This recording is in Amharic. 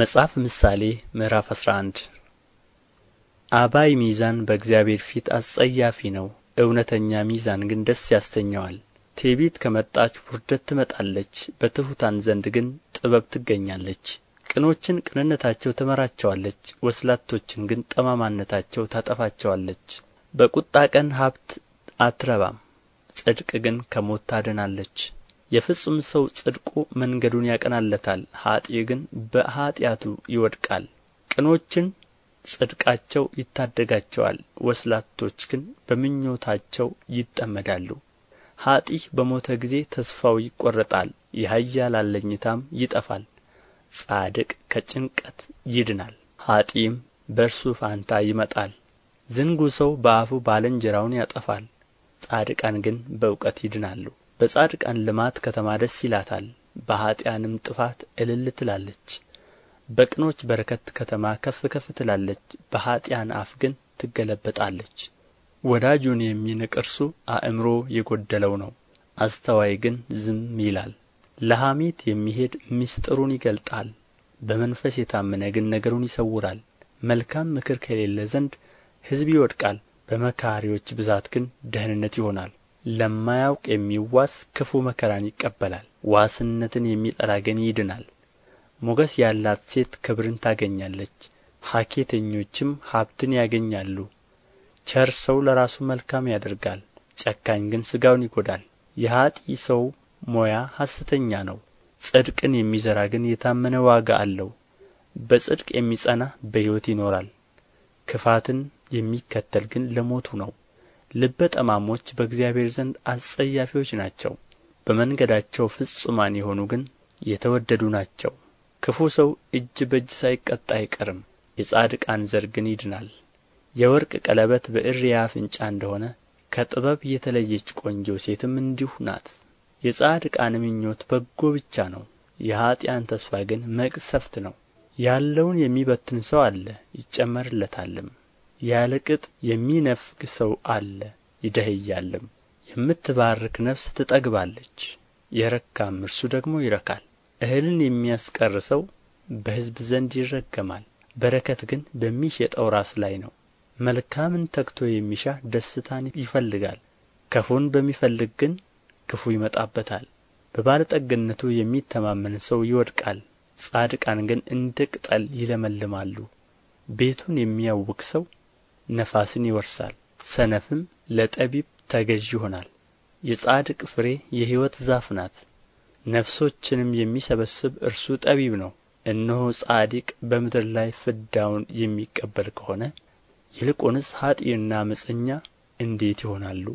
መጽሐፍ ምሳሌ ምዕራፍ 11 አባይ ሚዛን በእግዚአብሔር ፊት አስጸያፊ ነው፣ እውነተኛ ሚዛን ግን ደስ ያሰኘዋል። ትዕቢት ከመጣች ውርደት ትመጣለች፣ በትሑታን ዘንድ ግን ጥበብ ትገኛለች። ቅኖችን ቅንነታቸው ትመራቸዋለች፣ ወስላቶችን ግን ጠማማነታቸው ታጠፋቸዋለች። በቁጣ ቀን ሀብት አትረባም፣ ጽድቅ ግን ከሞት ታድናለች። የፍጹም ሰው ጽድቁ መንገዱን ያቀናለታል ኀጥእ ግን በኃጢአቱ ይወድቃል ቅኖችን ጽድቃቸው ይታደጋቸዋል ወስላቶች ግን በምኞታቸው ይጠመዳሉ ኀጥእ በሞተ ጊዜ ተስፋው ይቈረጣል የኃያል አለኝታም ይጠፋል ጻድቅ ከጭንቀት ይድናል ኀጥእም በእርሱ ፋንታ ይመጣል ዝንጉ ሰው በአፉ ባልንጀራውን ያጠፋል ጻድቃን ግን በእውቀት ይድናሉ በጻድቃን ልማት ከተማ ደስ ይላታል በኃጥኣንም ጥፋት እልል ትላለች በቅኖች በረከት ከተማ ከፍ ከፍ ትላለች በኃጥኣን አፍ ግን ትገለበጣለች ወዳጁን የሚንቅ እርሱ አእምሮ የጎደለው ነው አስተዋይ ግን ዝም ይላል ለሐሜት የሚሄድ ምስጢሩን ይገልጣል በመንፈስ የታመነ ግን ነገሩን ይሰውራል መልካም ምክር ከሌለ ዘንድ ሕዝብ ይወድቃል በመካሪዎች ብዛት ግን ደህንነት ይሆናል ለማያውቅ የሚዋስ ክፉ መከራን ይቀበላል ዋስነትን የሚጠላ ግን ይድናል ሞገስ ያላት ሴት ክብርን ታገኛለች ሀኬተኞችም ሀብትን ያገኛሉ ቸር ሰው ለራሱ መልካም ያደርጋል ጨካኝ ግን ሥጋውን ይጐዳል የኀጢ ሰው ሞያ ሐሰተኛ ነው ጽድቅን የሚዘራ ግን የታመነ ዋጋ አለው በጽድቅ የሚጸና በሕይወት ይኖራል ክፋትን የሚከተል ግን ለሞቱ ነው ልበ ጠማሞች በእግዚአብሔር ዘንድ አስጸያፊዎች ናቸው በመንገዳቸው ፍጹማን የሆኑ ግን የተወደዱ ናቸው ክፉ ሰው እጅ በእጅ ሳይቀጣ አይቀርም የጻድቃን ዘር ግን ይድናል የወርቅ ቀለበት በእሪያ አፍንጫ እንደሆነ ከጥበብ የተለየች ቆንጆ ሴትም እንዲሁ ናት። የጻድቃን ምኞት በጎ ብቻ ነው፣ የኀጢአን ተስፋ ግን መቅሰፍት ነው። ያለውን የሚበትን ሰው አለ ይጨመርለታልም። ያለ ቅጥ የሚነፍግ ሰው አለ ይደህያልም የምትባርክ ነፍስ ትጠግባለች የረካም እርሱ ደግሞ ይረካል እህልን የሚያስቀር ሰው በሕዝብ ዘንድ ይረገማል በረከት ግን በሚሸጠው ራስ ላይ ነው መልካምን ተግቶ የሚሻ ደስታን ይፈልጋል ክፉን በሚፈልግ ግን ክፉ ይመጣበታል በባለጠግነቱ የሚተማመን ሰው ይወድቃል ጻድቃን ግን እንደ ቅጠል ይለመልማሉ ቤቱን የሚያውክ ሰው ነፋስን ይወርሳል ሰነፍም ለጠቢብ ተገዥ ይሆናል የጻድቅ ፍሬ የሕይወት ዛፍ ናት ነፍሶችንም የሚሰበስብ እርሱ ጠቢብ ነው እነሆ ጻድቅ በምድር ላይ ፍዳውን የሚቀበል ከሆነ ይልቁንስ ኀጥእና ዓመፀኛ እንዴት ይሆናሉ